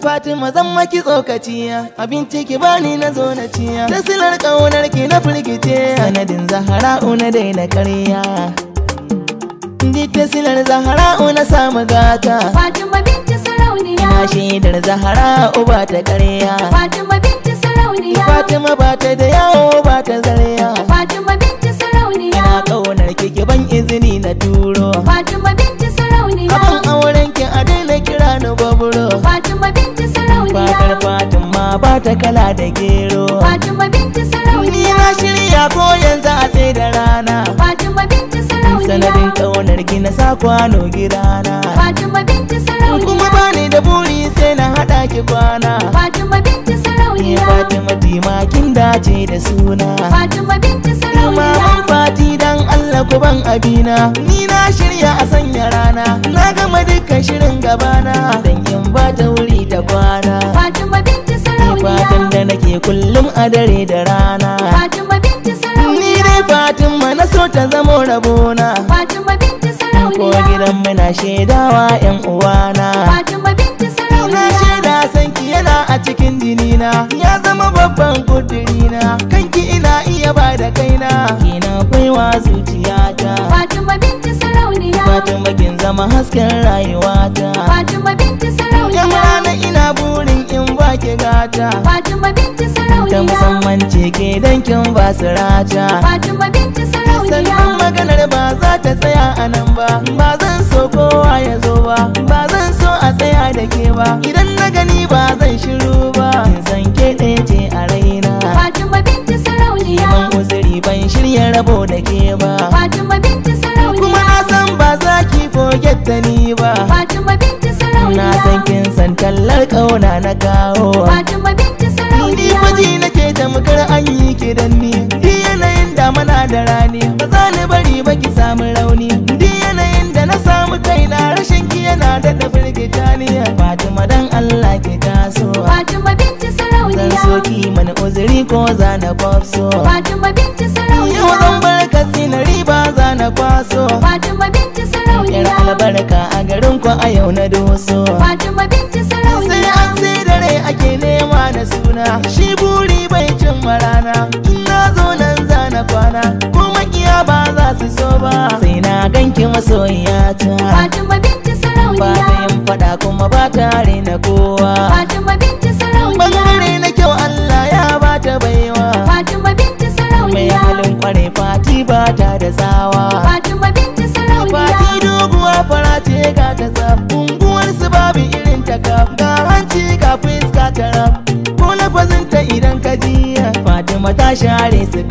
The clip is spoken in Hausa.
fatima zan maki tsokaciya abinci ki bani na zo na ciya ta silar kaunar ki na firgice sanadin dai na karya Ndi ta silar zahara una samu gata fatima binti sarauniya na shaidar zahara uba ta karya fatima binti sarauniya fatima ba ta ta kala da gero Fatima binti sarauniya na shirya ko yanzu a sai da rana Fatima binti sarauniya sanadin kaunar gina sa kwano girana Fatima binti sarauniya kuma bani da buri sai na hada ki kwana Fatima binti sarauniya Fatima tima kin dace da suna Fatima binti sarauniya Maman Fati dan Allah ku ban abina ni na shirya a sanya rana na gama dukkan shirin gabana dan in ba ta wuri ta kwana kullum a dare da rana Fatima binti sarauniya Ni dai Fatima na so ta zamo rabona Fatima binti sarauniya Ko gidan muna shaidawa yan uwana Fatima binti sarauniya Na shaida sanki yana a cikin jinina Ya zama babban kudirina Kanki ina iya ba da kaina Kina baiwa zuciyata Fatima binti sarauniya Fatima kin zama hasken rayuwata Fatima binti sarauniya Yamma na ina burin in baki gata ba su raja sarauniya Sannan maganar ba za ta tsaya a nan ba Ba zan so kowa ya zo ba Ba zan so a tsaya da ke ba Idan na gani ba zan shiru ba Zan ke ce a raina Fatima sarauniya Ban uzuri ban shirya rabo da ke ba sarauniya Kuma na san ba za ki forget ni ba ki baki samu rauni duk yanayin da na samu kaina rashin ki yana daɗa birgita ni Fatima dan Allah ki taso Fatima binci sarauniya Zan so ki mana uzuri ko zana kwafso Fatima binci sarauniya Yau zan bar katsina riba zana kwaso Fatima binci sarauniya Yar albarka a garin ku a yau na doso Fatima binci sarauniya Sai an sai dare ake nema na suna shi buri masoyiyata Fatima binti sarauniya ba yin fada kuma ba tare na kowa Fatima binti sarauniya bangare na kyau Allah ya bata baiwa Fatima binti sarauniya mai halin kware Fati bata da tsawa Fatima binti sarauniya Fati doguwa fara ce ga ta tsaf su babu irin ta ga hanci ga fuska ta ko lafazin ta idan ka jiya Fatima ta share su